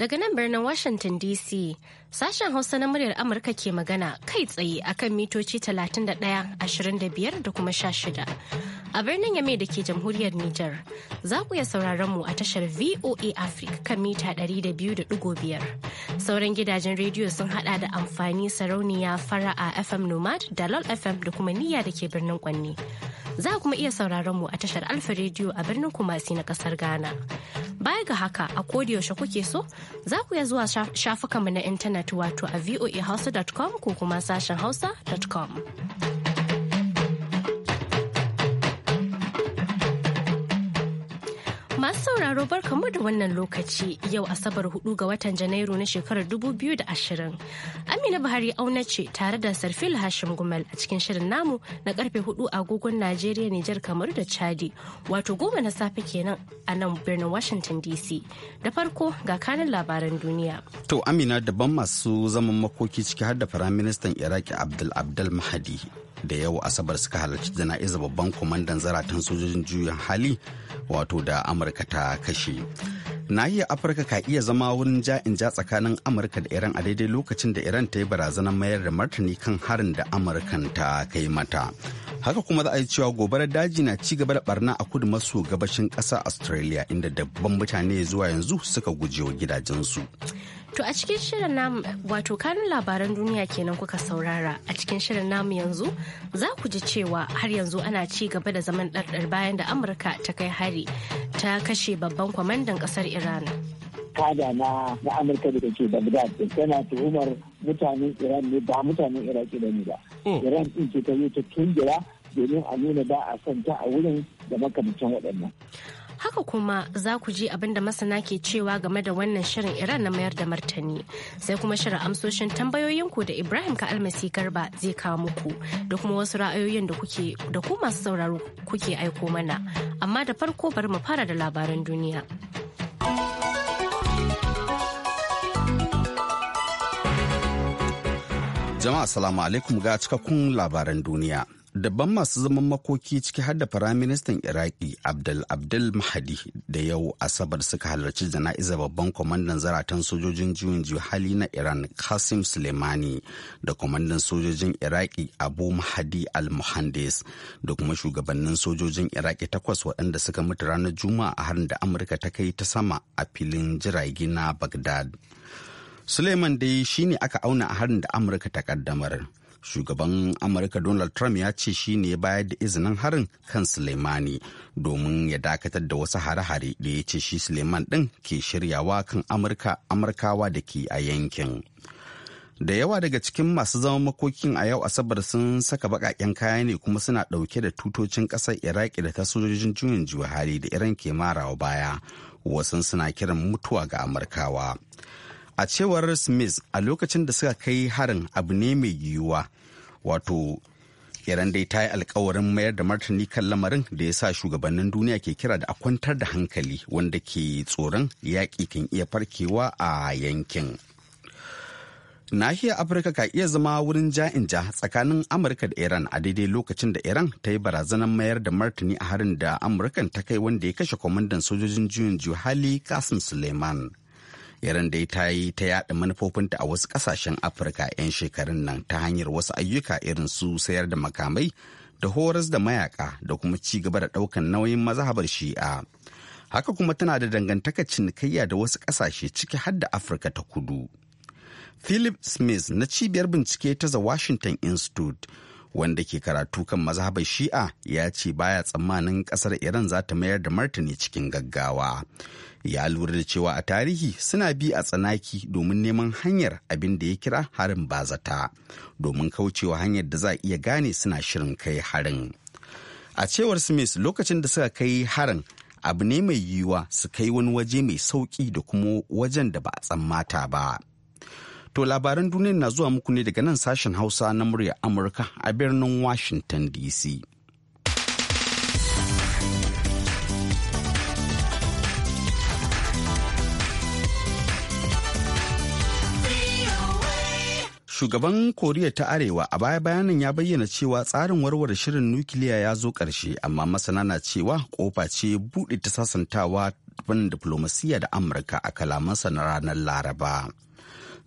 Daga nan birnin Washington DC, sashen Hausa na muryar Amurka ke magana kai tsaye akan mitoci 31, 25 da kuma 16. A birnin Yame da ke jamhuriyar Nijar, za ku iya sauraron mu a tashar VOA Africa kan mita 200.5. Sauran gidajen rediyo sun hada da amfani sarauniya fara'a FM Nomad da LOL FM da kuma niyya da ke birnin kwanne Za kuma iya sauraron mu a tashar Alfa Radio a birnin Kumasi na kasar Ghana. Baya ga haka a yaushe kuke so za ku iya zuwa shafukanmu na intanet wato a voahausa.com ko kuma sashen hausa.com. Masu sauraro bar kamu da wannan lokaci yau Asabar 4 ga watan Janairu na shekarar 2020. Amina Buhari auna ce tare da Sarfil Hashim Gumal a cikin shirin namu na karfe 4 agogon Najeriya Nijar kamar da Chadi wato goma na safe kenan a nan birnin Washington DC. Da farko ga kanin labaran duniya. To Amina daban masu zaman makoki ciki har da Firaministan Iraki Abdul Abdul Mahadi da yau asabar suka halarci jana'iza babban kwamandan zaratan sojojin juyin hali wato da amurka ta kashe nahiyar afirka ka iya zama wurin ja'in ja tsakanin amurka da iran a daidai lokacin da iran ta yi barazanar mayar da martani kan harin da amurkan ta kai mata haka kuma za a yi cewa gobarar daji na ci gaba da barna a kudu maso gabashin ƙasa australia inda dabban mutane zuwa yanzu suka gujewa gidajensu To a cikin shirin namu wato kanun labaran duniya kenan kuka saurara a cikin shirin namu yanzu za ku ji cewa har yanzu ana ci gaba da zaman ɗarɗar bayan da Amurka ta kai hari ta kashe babban kwamandan ƙasar Iran. Kada na na Amurka da ke Baghdad tana tuhumar mutanen Iran ne ba mutanen Iraki ba ne ba. Hmm. Iran ɗin ce ta yi ta tungira domin a nuna ba a son ta a wurin da makaranta waɗannan. Haka kuma za ku ji abin da masana ke cewa game da wannan shirin Iran na mayar da martani. Sai kuma shirin amsoshin tambayoyinku da Ibrahim ka almasi garba zai kawo muku da kuma wasu ra'ayoyin da kuke da ku masu sauraro kuke aiko mana. Amma da farko bari mu fara da labaran duniya. Jama'a salamu alaikum ga cikakkun labaran duniya. Dabban masu zaman makoki ciki har da Firaministan Iraki Abdul Abdul Mahadi da yau Asabar suka halarci jana'izar babban kwamandan zaratan sojojin juyin hali na Iran Qasim Soleimani da kwamandan sojojin Iraki Abu Mahadi Al-Muhandis da kuma shugabannin sojojin Iraki takwas waɗanda suka mutu ranar Juma'a a harin da Amurka ta kai ta sama a filin jirage na Baghdad. Suleiman dai shine aka auna a harin da Amurka ta ƙaddamar. shugaban amurka donald trump ya ce shi ne bayar da izinin harin kan suleimani domin ya dakatar da wasu hare-hare da ya ce shi suleiman ɗin ke shiryawa kan amurka amurkawa da ke a yankin da yawa daga cikin masu zaman makokin a yau asabar sun saka baƙaƙen kaya ne kuma suna ɗauke da tutocin ƙasar iraki da ta sojojin juyin jihohari da iran ke marawa baya wasu suna kiran mutuwa ga amurkawa a cewar smith a lokacin da suka kai harin abu ne mai yiwuwa wato iran dai ta yi alkawarin mayar da martani kan lamarin da ya sa shugabannin duniya ke kira da a kwantar da hankali wanda ke tsoron yaƙi kan iya farkewa a yankin nahiyar afirka ka iya zama wurin ja'in ja tsakanin amurka da iran a daidai lokacin da iran ta yi barazanar mayar da martani a harin da amurkan ta kai wanda ya kashe kwamandan sojojin juyin juhali kasim suleiman iran dai ta yi ta yada manufofinta a wasu kasashen afirka 'yan shekarun nan ta hanyar wasu ayyuka irin su sayar da makamai da horas da mayaka da kuma ci gaba da daukan nauyin mazhabar shi'a haka kuma tana da dangantaka cinikayya da wasu kasashe ciki har da afirka ta kudu philip smith na cibiyar bincike ta the washington institute wanda ke karatu kan mazhabar shi'a ya ce baya tsammanin kasar iran za ta mayar da martani cikin gaggawa ya lura da cewa a tarihi suna bi a tsanaki domin neman hanyar abin da ya kira harin bazata domin kaucewa hanyar da za a iya gane suna shirin kai harin a cewar smith lokacin da suka kai harin abu ne mai yiwuwa su kai wani waje mai sauki da kuma wajen da ba a tsammata ba to labaran duniya na zuwa muku ne daga nan sashen hausa na murya amurka a birnin washington dc Shugaban Koriya ta Arewa a baya bayanin ya bayyana cewa tsarin warware shirin nukiliya ya zo ƙarshe amma masana na cewa kofa ce buɗe ta sasantawa fannin diflomasiyya da Amurka a kalamansa na ranar Laraba.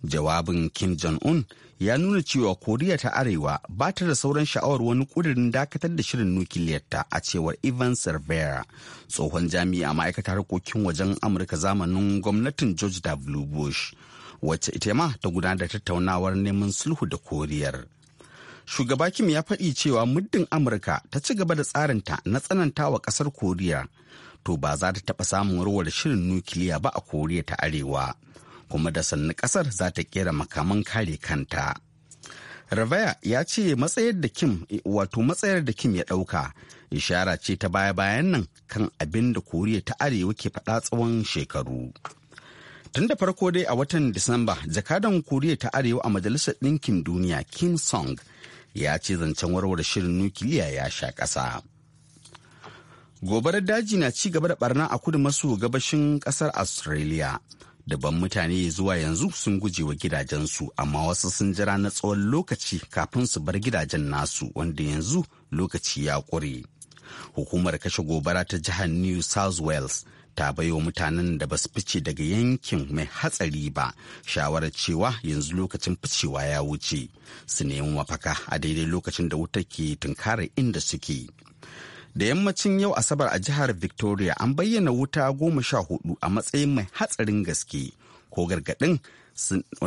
Jawabin Kim Jong-un ya nuna cewa Koriya ta Arewa ba ta da sauran sha'awar wani ƙudurin dakatar da shirin nukiliyarta a cewar Ivan Cervera, tsohon jami'a ma'aikatar harkokin wajen Amurka zamanin gwamnatin George W. Bush. wacce ita ma ta gudanar da tattaunawar neman sulhu da koriyar. Shugaba Kim ya faɗi cewa muddin Amurka ta ci gaba da tsarinta na tsananta wa ƙasar Koriya, to ba za ta taɓa samun warware shirin nukiliya ba a Koriya ta Arewa, kuma da sannu ƙasar za ta ƙera makaman kare kanta. Ravaya ya ce matsayar da Kim wato matsayar da Kim ya ɗauka ishara ce ta baya-bayan nan kan abin da Koriya ta Arewa ke faɗa tsawon shekaru. Tun da farko dai a watan Disamba, jakadan Koriya ta Arewa a Majalisar Ɗinkin Duniya Kim Song ya ce zancen warware shirin nukiliya ya sha ƙasa. Gobarar daji na ci gaba da barna a kudu maso gabashin ƙasar Australia. Daban mutane zuwa yanzu sun guje wa gidajensu, amma wasu sun jira na tsawon lokaci kafin su bar gidajen nasu wanda yanzu lokaci ya ƙure. Hukumar kashe gobara ta jihar New South Wales ta bayo mutanen da ba su fice daga yankin mai hatsari ba shawarar cewa yanzu lokacin ficewa ya wuce su nemi mafaka a daidai lokacin da wuta ke tunkarar inda suke da yammacin yau asabar a jihar victoria an bayyana wuta goma sha hudu a matsayin mai hatsarin gaske ko gargadin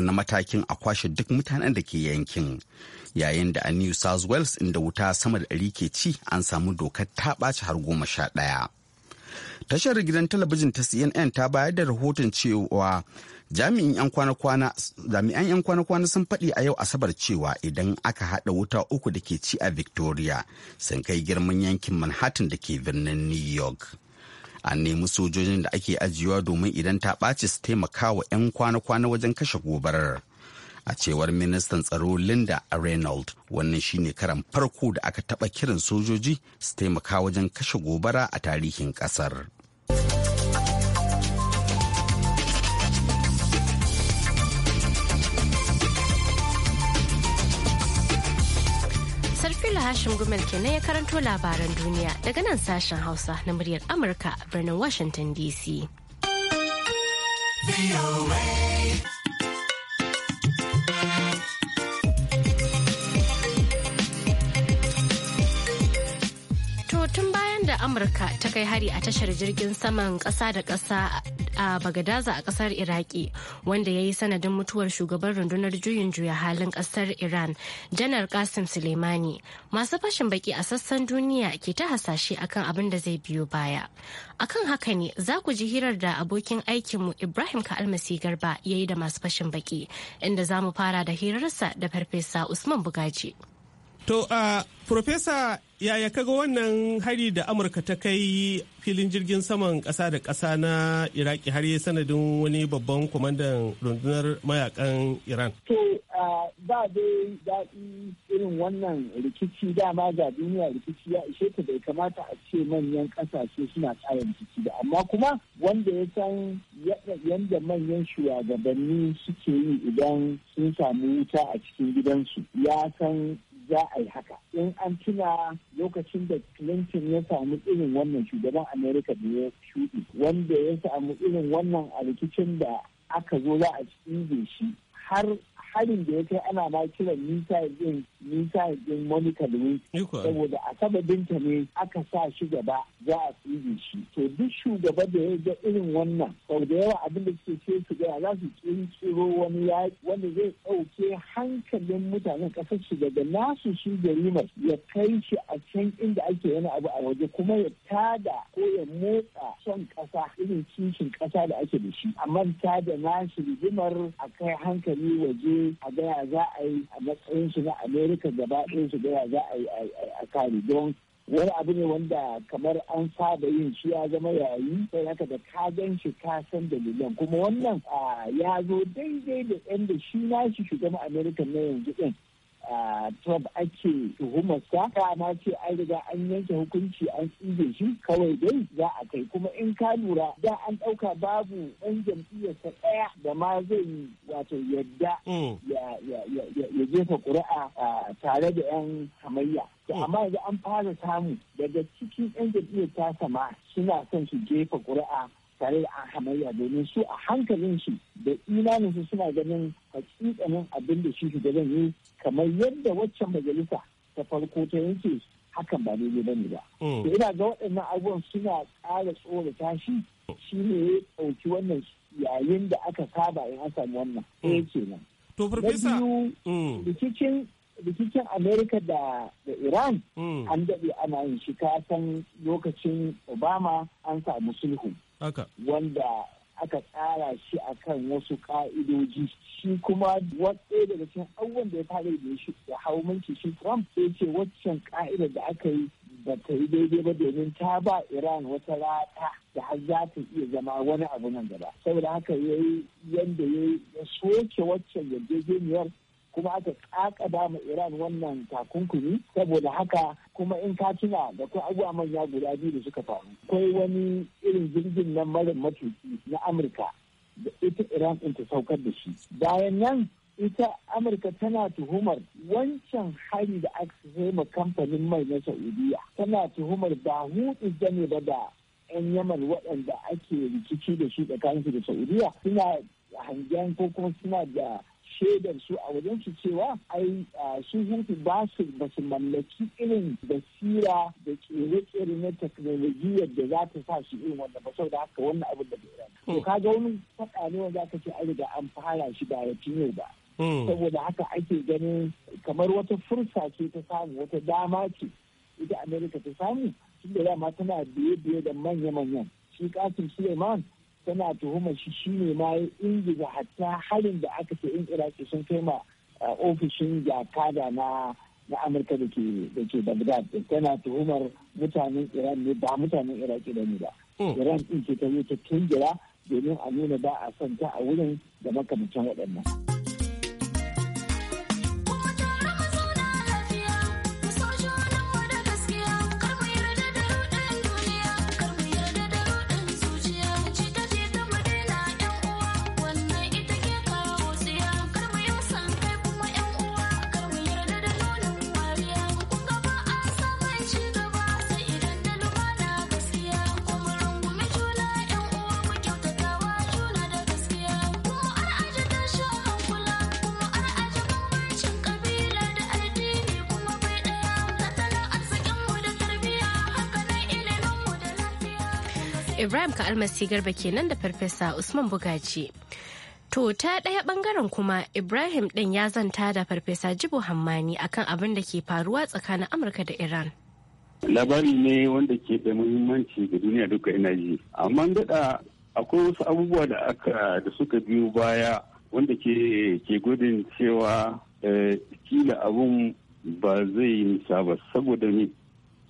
na matakin a kwashe duk mutanen da ke yankin yayin da a new south wales inda wuta sama da ɗari ke ci an samu dokar ta ɓaci har goma sha ɗaya Tashar gidan talabijin ta CNN ta bayar da rahoton cewa jami'an 'yan kwana-kwana sun faɗi a yau asabar cewa idan aka haɗa wuta uku da ke ci a victoria sun kai girman yankin manhattan da ke birnin new york an nemi sojojin da ake ajiyewa domin idan ta ɓaci su taimaka wa 'yan kwana-kwana wajen kashe gobarar a cewar ministan tsaro linda reynolds wannan shine karan farko da aka taba kiran sojoji su taimaka wajen kashe gobara a tarihin kasar Sarfila Hashim Gumel kenan ya karanto labaran duniya daga nan sashen Hausa na muryar Amurka a birnin Washington DC. amurka ta kai hari a tashar jirgin saman ƙasa da ƙasa a bagadaza a ƙasar iraki wanda ya yi sanadin mutuwar shugaban rundunar juyin juya halin ƙasar iran janar Qasim suleimani masu fashin baki a sassan duniya ke ta hasashe akan abin da zai biyo baya akan haka ne za ku ji hirar da abokin aikinmu ibrahim ka'almasi garba ya yi da masu fashin baki inda za mu fara da hirarsa da farfesa usman bugaji To, uh, Profesa yaya kaga wannan hari da amurka ta kai filin jirgin saman ƙasa da ƙasa na iraki har yi sanadin wani babban kwamandan rundunar mayakan iran to ba dai daɗi irin wannan rikici dama ga duniya rikici ya ishe ta bai kamata a ce manyan ƙasashe suna kayan rikici da amma kuma wanda ya san yadda manyan shugabanni suke yi idan sun samu wuta a cikin gidansu ya san za a yi haka in an tuna lokacin da clinton ya samu irin wannan shugaban america da ya shuɗi wanda ya samu irin wannan a rikicin da aka zo za a cikin shi har harin da ya kai ana ma kiran nisa din nisa din Monica Lewinsky saboda a sababinta ne aka sa shi gaba za a tsige shi to duk shugaba da ya ga irin wannan sau da yawa abin da suke ce su ga za su kirkiro wani yaki wanda zai ɗauke hankalin mutanen ƙasar su daga nasu shi jarimar ya kai shi a can inda ake wani abu a waje kuma ya tada ko ya motsa son ƙasa irin kishin ƙasa da ake da shi amma tada nashi rigimar a kai hankali waje a gaya za a yi a matsayin su na amerika gaba ɗaya su gaya za a yi a kare don wani abu ne wanda kamar an saba yin shi ya zama yayi sai haka da ka gan shi ka san dalilan kuma wannan ya zo daidai da yan da shi na shi shugaban america na yanzu din Trump ake tuhumarsa ta ce an riga an yanke hukunci an tsige shi kawai dai za a kai kuma in ka lura da an ɗauka babu ɗan jam'iyyarsa ɗaya da ma zai yi wato yadda hmm. ya jefa ƙuri'a tare da 'yan hamayya. Hmm. amma yanzu an fara samu daga cikin 'yan jam'iyyar ta sama suna son su jefa ƙuri'a tare da hamayya domin su a hankalin su da su suna ganin hakikanin abin da shi zan yi kamar yadda waccan majalisa ta farko ta yanke hakan ba daidai ba ne ba. Hmm. To ina ga waɗannan abubuwan suna ƙara tsorata tashi shi ne ya ɗauki wannan yayin da aka saba in aka samu wannan hmm. ɗaya kenan. To farfesa. Hmm. rikicin Amerika da Iran an daɗe ana yin shi kasan lokacin Obama an samu sulhu. wanda aka tsara shi a kan wasu ka'idoji shi kuma Wadda daga cikin abubuwan da ya fara da shi ya hau mulki shi Trump sai ce waccan ka'idar da aka yi ba ta yi daidai ba domin ta ba Iran wata rata da har za ta iya zama wani abu nan gaba. Saboda haka ya yi yadda ya soke waccan yarjejeniyar kuma aka kakaba ma iran wannan takunkumi saboda haka kuma in ka tuna da kuma abubuwa manya guda biyu da suka faru akwai wani irin jirgin nan mara matuki na amurka da ita iran ɗin ta saukar da shi bayan nan ita amurka tana tuhumar wancan hari da aka sai ma kamfanin mai na saudiya tana tuhumar ba hudu gane ba da 'yan yaman waɗanda ake rikici da shi tsakaninsu da saudiya suna hangen ko kuma suna da shaidar su a wajen su cewa ai su hutu ba su ba su mallaki irin basira da tsere-tsere na teknolojiyar da za ta sa su irin wannan ba saboda haka wannan abin da iran to hmm. kaga wani faɗa ne wanda aka ce an riga an fara shi da ya yau ba hmm. saboda haka ake ganin kamar wata fursa ce ta samu wata dama ce ita amerika ta samu tunda dama tana biye-biye da manya-manyan shi kasim suleiman tana tuhumar shi shine ma ya ingiza hatta harin da aka ce in iraki sun kai ma ofishin jakada na na amurka da ke da ke bagdad tana tuhumar mutanen iran ne ba mutanen iraki da ne ba hmm. iran din ce ta yi ta tungira domin a nuna ba a santa a wurin da makamcin waɗannan. Ibrahim almasi Garba kenan da Farfesa Usman Bugaji. To ta ɗaya ɓangaren kuma Ibrahim ɗin ya zanta da Farfesa Jibo Hammani akan abin da ke faruwa tsakanin Amurka da Iran. Labari ne wanda ke da muhimmanci ga duniya duka ina ji. Amma gada akwai wasu abubuwa da aka da suka biyo baya wanda ke ke gudun cewa eh, kila abun ba zai yi ba saboda ni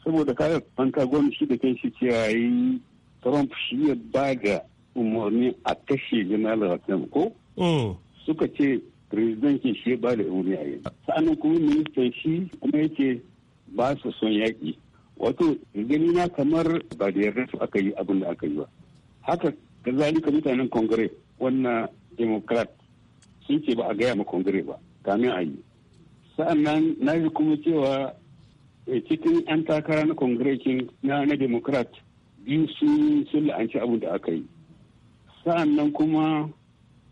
saboda kayan an ka gwamnati da kai shi cewa yi trump shi ya ba ga umarni a kashe jamal ko mm. suka ce presidancin shi ya ba da umarni a yi Sa'anin kuma ministan shi kuma yake ba su son yaƙi wato gani na kamar ba da yarda su aka yi abin da aka yi ba haka zalika mutanen congress wannan democrat sun ce ba a gaya ma congress ba kamin a yi sa'annan na ji kuma cewa eh, cikin 'yan takara na congress na democrat biyu sun la'anci abin da aka yi sa'an nan kuma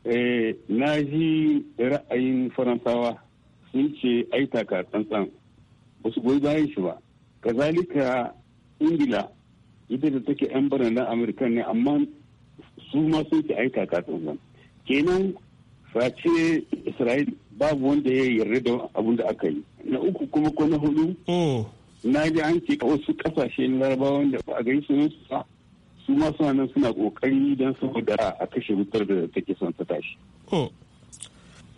eh, na ji ra'ayin faransawa sun ce ai taka tsantsan ba su goyi bayan shi ba kazalika ingila ita da take yan baran na amurka ne amma su ma sun ce ai taka tsantsan kenan face isra'il babu wanda ya yarda da abin da aka yi na uku kuma ko na hudu hmm. na ji an ce wasu kasashe larabawan da ba a gani su ba su ma suna nan suna kokari don saboda a kashe wutar da take son ta tashi. Oh.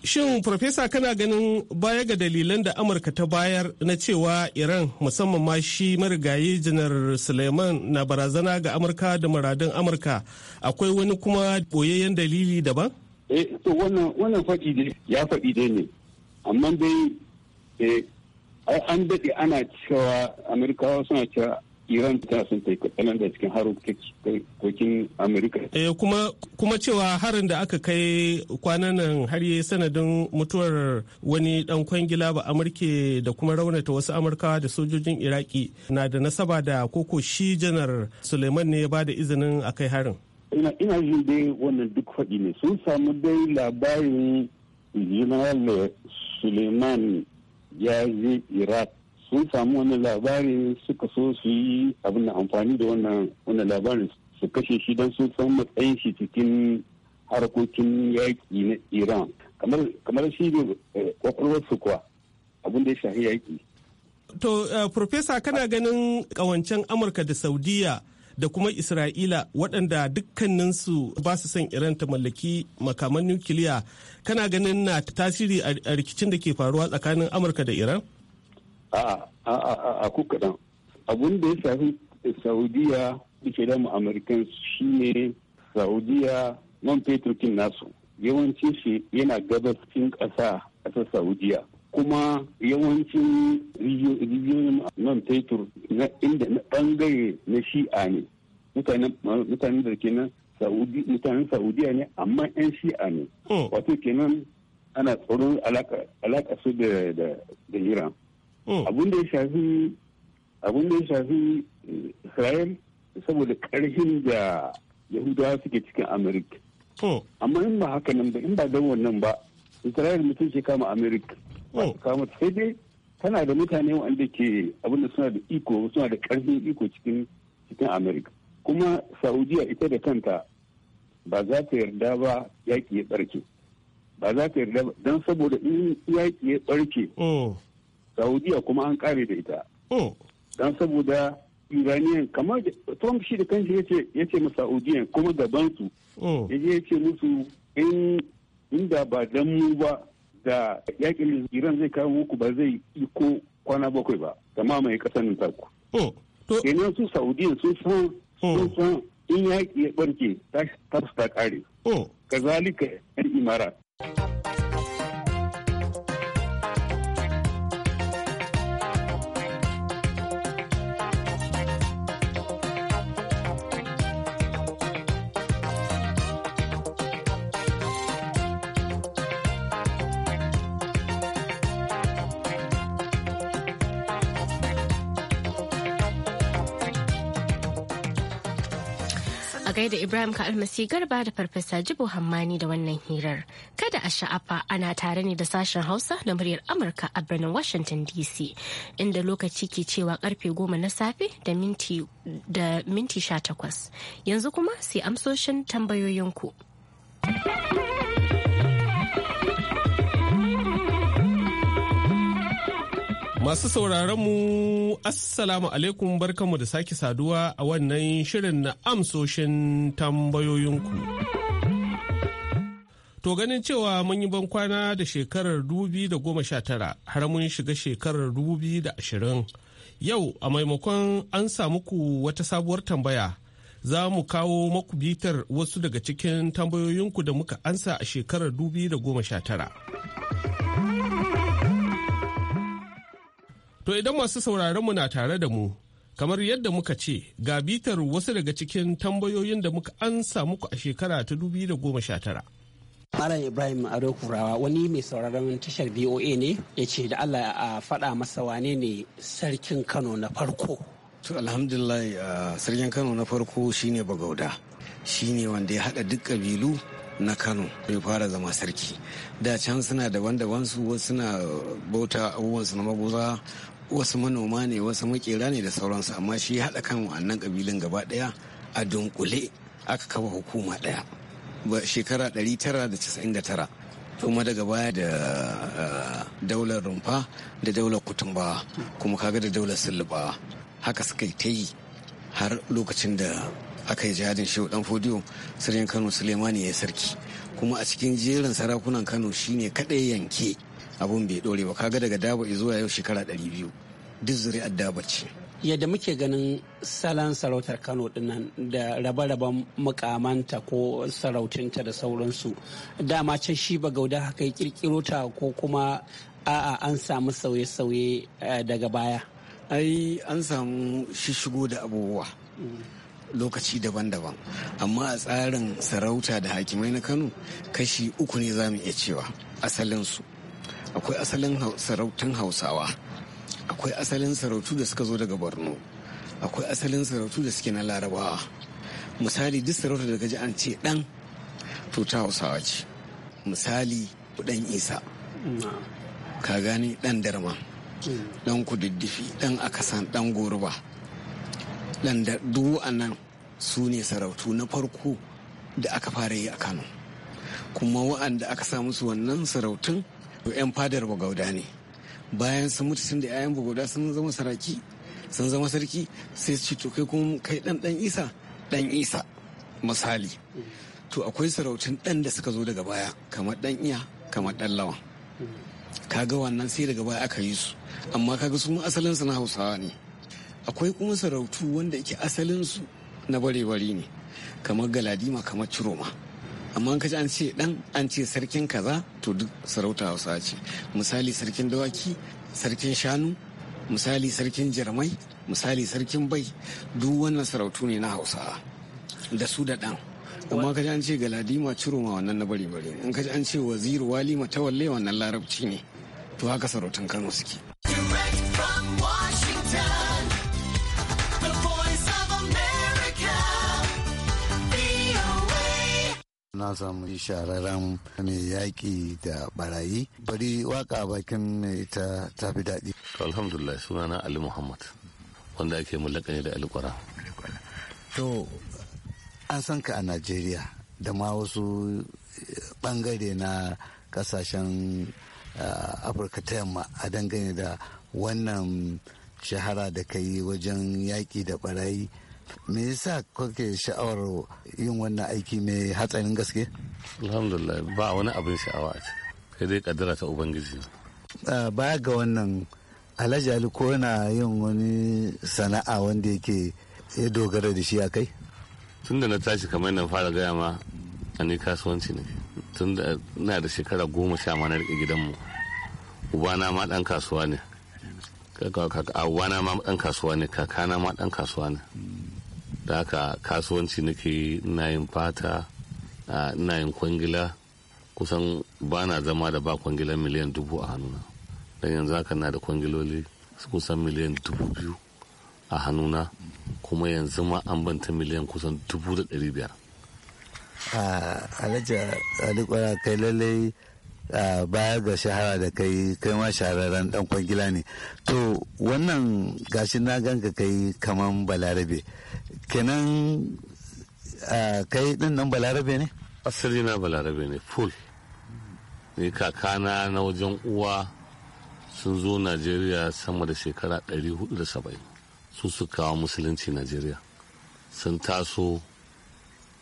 Shin Farfesa kana ganin baya ga dalilan da Amurka ta bayar na cewa Iran musamman ma shi marigayi janar Suleiman na barazana ga Amurka da muradun Amurka akwai wani kuma boyayyen dalili daban? Eh, to wannan faɗi dai ya faɗi dai ne, amma dai eh, an daɗe ana cewa amurkawa suna cewa iran tana son ta yi da cikin kokin amurka eh kuma kuma cewa harin da aka kai kwanan nan har yi sanadin mutuwar wani dan kwangila ba amurke da kuma raunata wasu amurkawa da sojojin iraki na da nasaba da koko shi janar suleiman ne ya ba da izinin a kai harin ina ina jin dai wannan duk faɗi ne sun samu dai labarin general suleiman ya je iraq sun samu wani labarin suka so su yi abin amfani da wannan labarin su kashe shi don sun san matsayin shi cikin harkokin yaƙi na iran kamar shi ne kwakwalwarsu eh, kuwa abin da ya shahi yaƙi to eh, profesa kana ganin ƙawancen amurka da saudiya da kuma isra'ila waɗanda dukkaninsu ba su son iran ta mallaki makaman nukiliya kana ganin na tasiri a rikicin da ke faruwa tsakanin amurka da iran a kaɗan abun da ya shafi saudiya da ke damu amurkan shine saudiya man fetur nasu yawanci shi yana gabas cikin ƙasa ƙasar saudiya kuma yawancin rijiyoyin nan taitur na inda na bangare na shi'a ne mutanen da nan mutanen saudiya ne amma yan shi'a ne oh. wato kenan ana tsoron alaka su da iran oh. abin da ya shafi abin da ya shafi eh, israel saboda karhin da yahudawa suke cikin amerika oh. amma in ba haka nan ba in ba don wannan ba israel mutum ke kama amerika kawo kama sai dai tana da mutane wanda ke abinda suna da iko suna da karfin iko cikin cikin america kuma saudiya ita da kanta ba za ta yarda ba yaƙi ya ɓarke ba za ta yarda don saboda in yaƙi ya ɓarke mm. saudiya kuma an ƙare da ita mm. don saboda iraniyan kamar trump shi da kanshi ya ce ma saudiya kuma gabansu mm. ya je ya ce musu in da ba dan mu ba da yakin iran zai kawo muku ba zai iko kwana bakwai ba da mamaye kasan taku. Oh, kenan su saudiya sun san sun oh. san in yaki ya ɓarke ta ta ƙare. Oh. kazalika yan imara. da Ibrahim ka almasi garba da Farfesa Jibo Hammani da wannan hirar. Kada a sha'afa ana tare ne da sashen Hausa da muryar Amurka a birnin Washington DC inda lokaci ke cewa karfe goma na safe da minti da minti sha takwas. Yanzu kuma sai amsoshin tambayoyinku. Masu sauraron mu Assalamu alaikum barkanmu da sake saduwa a wannan shirin na amsoshin tambayoyinku. To ganin cewa mun yi bankwana da shekarar 2019 har mun shiga shekarar 2020. Yau a maimakon an samu ku wata sabuwar tambaya za mu kawo makubitar wasu daga cikin tambayoyinku da muka ansa a shekarar 2019. To idan masu sauraronmu na tare da mu, kamar yadda muka ce ga bitar wasu daga cikin tambayoyin da muka ansa muku a shekara ta tara. Malam Ibrahim Ado Kurawa wani mai sauraron tashar BOA ne ya ce da Allah a faɗa masa wane ne sarkin Kano na farko. To alhamdulillah sarkin Kano na farko shine Bagauda shine wanda ya haɗa duk ƙabilu na Kano ya fara zama sarki. Da can suna daban-daban su suna bauta abubuwan su na maguza wasu manoma ne wasu makera ne da sauransu amma shi haɗa kan wannan ƙabilun gaba ɗaya a dunkule aka kafa hukuma ɗaya shekara 999 kuma daga baya da eh, daular rumfa da daular kutumba kuma kaga da daular sullubawa haka suka yi ta yi har lokacin da aka yi jihadin shehu dan fodiyo sirrin kano sulemani ya sarki kuma a cikin jerin sarakunan kano shine kaɗai yanke abun bai dore ba kaga daga daba zuwa yau shekara 200 duk zuri'ar daba ce yadda muke ganin salon sarautar kano dinnan da rabe-raben mukamanta ko sarautinta da sauransu dama ce shi ba gauda haka ya kirkiro ta ko kuma a'a an samu sauye-sauye eh, daga baya ai an samu shigo da abubuwa mm. lokaci daban-daban amma a tsarin sarauta da hakimai na kano kashi uku ne za mu iya cewa asalinsu akwai asalin sarautun hausawa akwai asalin sarautu da suka zo daga borno akwai asalin sarautu da suke na larabawa misali duk sarautar da gaji an ce dan to ta hausawa ce misali dan isa ka gani dan darma dan kududdufi dan akasan dan goruba dan da duk wa'annan su ne sarautu na farko da aka fara yi a kano kuma wa'anda aka sa musu wannan sarautun to 'yan fadar bagauda ne bayan sun mutu sun da 'ya'yan bagauda sun zama saraki sun zama sarki sai su to kai kuma kai dan dan isa dan isa misali to akwai sarautun dan da suka zo daga baya kamar dan iya kamar dan lawan kaga wannan sai daga baya aka yi su amma kaga su asalin su na hausawa ne akwai kuma sarautu wanda yake asalin su na bare ne kamar galadima kamar ciroma amma ka ji an ce dan an ce sarkin kaza to duk sarauta hausa ce misali sarkin dawaki sarkin shanu misali sarkin jirmai misali sarkin bai duk wannan sarautu ne na hausa da su da dan amma ka ji an ce galadima ciroma wannan na bari bari in ka ji an ce wazir walima matawalle wannan larabci ne to haka sarautun kano suke na samu shararren ne yaƙi da barayi bari waka bakin ne ita ta fi daɗi alhamdulillah sunana ali muhammad wanda ake mulaka ne da alƙwara to an san ka a najeriya da ma wasu eh, ɓangare na ƙasashen eh, afirka ta yamma a dangane da wannan shahara da ka yi wajen yaƙi da barayi me yasa kake sha'awar yin wannan aiki mai hatsarin gaske alhamdulillah ba wani abin sha'awa a sai dai kaddara ta ubangiji baya ga wannan alhaji ali ko yana yin wani sana'a wanda yake ya dogara da shi a kai tun da na tashi kamar na fara gaya ma a ni kasuwanci ne tun da na da shekara goma sha ma na rike gidanmu ubana ma dan kasuwa ne kakana ma dan kasuwa ne kakana ma dan kasuwa ne da haka kasuwanci nake ina yin fata ina yin kwangila kusan ba na zama da ba kwangila miliyan dubu a hannuna don yanzu haka na da kwangiloli kusan miliyan dubu biyu a hannuna kuma yanzu ma an banta miliyan kusan dubu da ɗari biyar. alhaji ali kwara kai lallai baya ga shahara da kai kai ma shahararren dan kwangila ne to wannan gashi na ganka kai kaman balarabe kenan kai din nan balarabe ne asali na balarabe ne full ne kakana na wajen uwa sun zo najeriya sama da shekara 470 su su kawo musulunci najeriya sun taso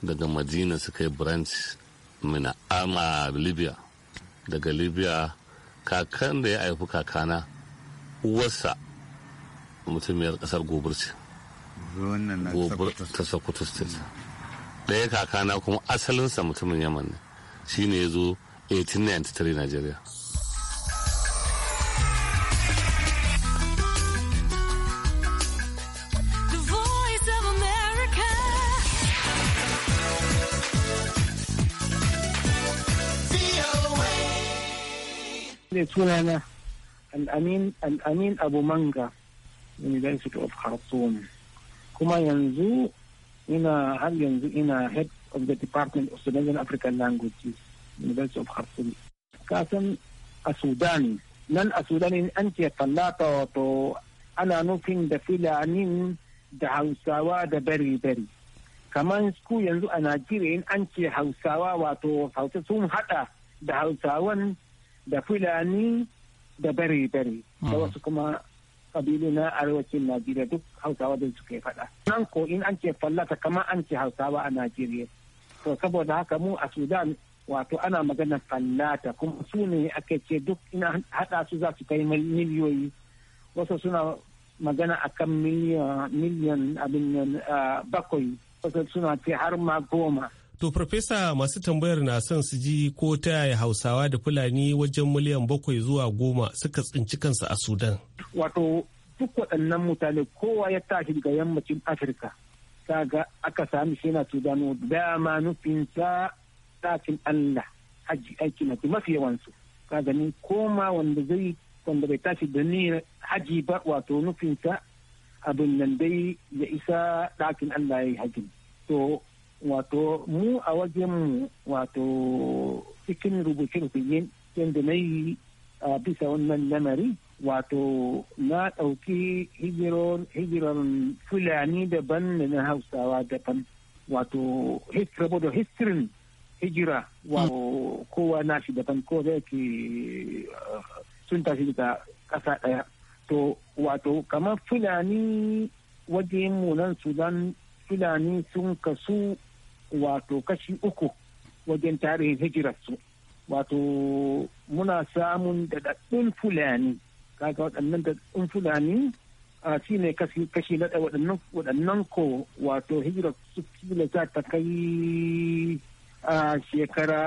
daga madina su kai branch mina ama libya daga libya kakan da ya haifi kakana uwarsa mutumiyar kasar gobir ce gobir ta sokoto state ɗaya kakana kuma asalinsa mutumin yaman ne shine ya zo 1893 nigeria ne sunana al'amin al'amin abu manga university of khartoum kuma yanzu ina har yanzu ina head of the department of sudan african languages university of khartoum kasan a sudan nan a sudan an ce tallata wato ana nufin da filanin da hausawa da bari-bari kamar ku yanzu a najeriya in an ce hausawa wato hausa sun hada da hausawan da fulani da bare-bare da hmm. wasu kuma kabilu na arewacin najeriya duk hausawa da suka yi fada. nan ko in an ce fallata kama an ce hausawa a najeriya to saboda haka mu a sudan wato ana magana fallata kuma su ne ake ce duk ina haɗa su za su kai miliyoyi wasu suna magana akan miliyan abin ah, bakwai wasu suna ce har ma goma To, farfesa masu tambayar na son su ji ko ta yaya Hausawa da Fulani wajen miliyan bakwai zuwa goma suka tsinci kansu a Sudan. Wato, duk waɗannan mutane kowa ya tashi daga yammacin Afirka. Kaga aka sami shi na Sudan dama ɗakin Allah hajji aiki na mafi yawansu. Kaga ni koma wanda zai wanda bai tashi da ni haji ba wato nufinsa abin nan dai ya isa ɗakin Allah ya yi hajji. To wato mu a wajenmu wato cikin rubuce-rubuce yadda na yi a bisa wannan lamari wato na ɗauki hijiran fulani daban da na hausawa daban wato rabodo histirin hijira wato kowa shi daban ko da yake sun tashi da ƙasa ɗaya to wato kamar fulani wajen mu nan sudan fulani sun kasu wato kashi uku wajen tarihin hijirarsu wato muna samun daɗaɗɗun fulani kaga waɗannan daɗaɗɗun fulani a shi ne kashi na waɗannan ko wato hijirar su fila za ta kai a shekara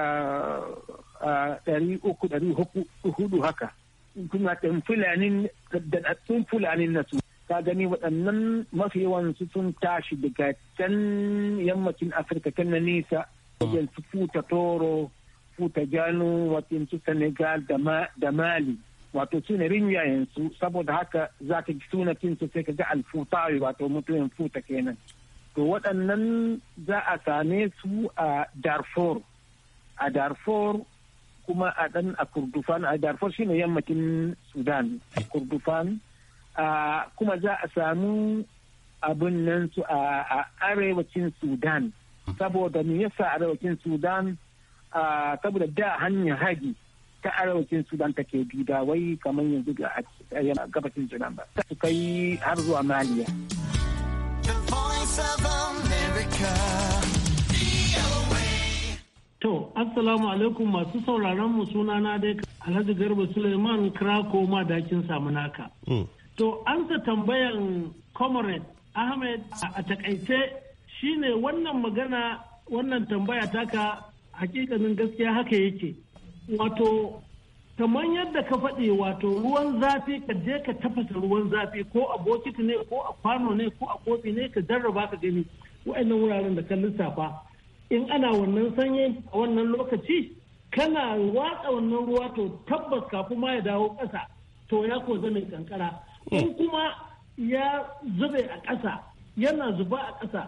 ɗari uku ɗari hudu haka kuma fulanin daɗaɗɗun fulani na su ka gani waɗannan mafi yawan su sun tashi daga can yammacin afirka can na nisa wajen su futa toro futa gano wajen su senegal da mali wato su ne rinjayen su saboda haka za ka suna su sai ka ga alfutawi wato mutumin futa kenan to waɗannan za a same su a darfur a darfur kuma a ɗan a kurdufan a darfur shine yammacin sudan a kurdufan kuma za a samu abin nan su a arewacin sudan saboda me yasa arewacin sudan saboda da hanyar haji ta arewacin sudan take bi da wai kamar yanzu ga gabashin sudan ba su kai har zuwa maliya To, Assalamu alaikum masu sauraron mu sunana dai Alhaji Garba Suleiman Krakoma madakin Samunaka. Hmm. To an amsa tambayan comrade Ahmed a takaice shine wannan magana wannan tambaya taka hakikanin gaskiya haka yake. Wato kamar yadda ka faɗi wato ruwan zafi ka je ka tafasa ruwan zafi ko a bokiti ne ko a kwano ne ko a kofi ne ka jarraba ka gani wa'annan wuraren da ka lissafa in ana wannan sanyi a wannan lokaci kana watsa wannan ruwa to tabbas kafin ma ya dawo ƙasa to ya ko zamin kankara ko hmm. kuma ya zube a ƙasa yana zuba a ƙasa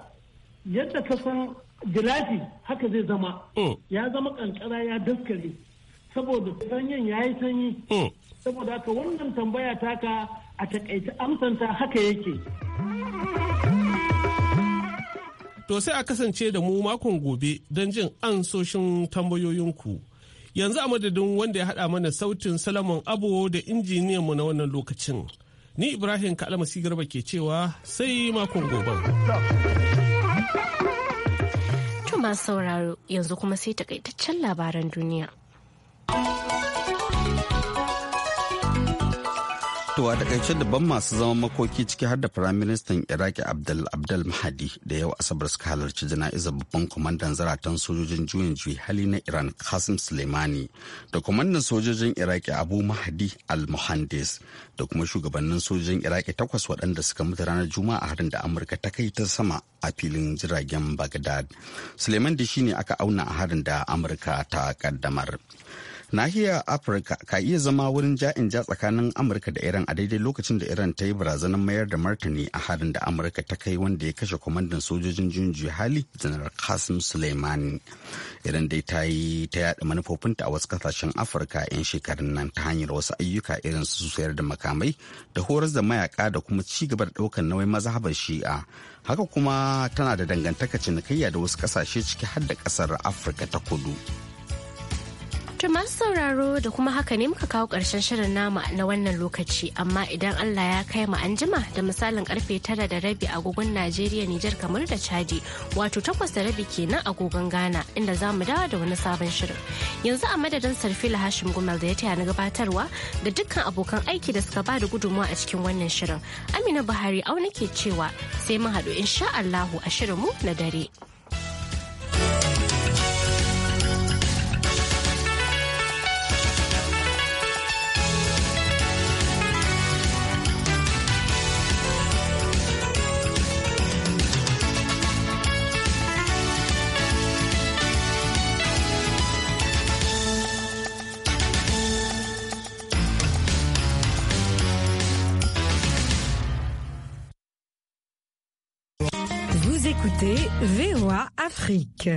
yadda ka san gilafi haka zai zama hmm. ya zama kankara ya daskare saboda sanyin ya yi sanyi hmm. saboda haka wannan tambaya taka a taƙaita amsanta haka yake to sai a kasance da mu makon gobe don jin ansoshin tambayoyinku yanzu a madadin wanda ya haɗa mana sautin salaman abu da injiniyanmu na wannan lokacin Ni Ibrahim Kalmasi Garba ke cewa sai makon gobe. To sauraro yanzu kuma sai takaitaccen labaran duniya. To a takaice daban masu zaman makoki ciki har da ministan Iraki Abdul Abdul Mahadi da yau Asabar suka halarci jana'izar babban kwamandan zaratan sojojin juyin juyi hali na Iran Qasim suleimani da kwamandan sojojin Iraki Abu Mahadi Al-Muhandis da kuma shugabannin sojojin Iraki takwas waɗanda suka mutu ranar Juma'a harin da Amurka ta kai ta sama a filin jiragen bagdad Suleiman da shine aka auna a harin da Amurka ta kaddamar. nahiyar afirka ka iya zama wurin ja'in ja tsakanin amurka da iran a daidai lokacin da iran ta yi barazanar mayar da martani a harin da amurka ta kai wanda ya kashe kwamandan sojojin junju hali janar kasim suleimani iran dai ta yi ta yada manufofinta a wasu kasashen afirka 'yan shekarun nan ta hanyar wasu ayyuka irin su sayar da makamai da horas da mayaka da kuma ci gaba da ɗaukar nauyin mazhabar shi'a haka kuma tana da dangantaka cinikayya da wasu kasashe ciki har da ƙasar afirka ta kudu. To masu sauraro da kuma haka ne muka kawo karshen shirin nama na wannan lokaci amma idan Allah ya kai mu anjima da misalin karfe tara da rabi agogon Najeriya Nijar kamar da Chadi wato takwas da rabi kenan agogon Ghana inda zamu dawo da wani sabon shirin. Yanzu a madadin Sarfila Hashim Gumal da ya taya na gabatarwa da dukkan abokan aiki da suka bada gudunmawa a cikin wannan shirin. Amina Buhari au nake cewa sai mun haɗu insha Allahu a shirinmu na dare. Afrique.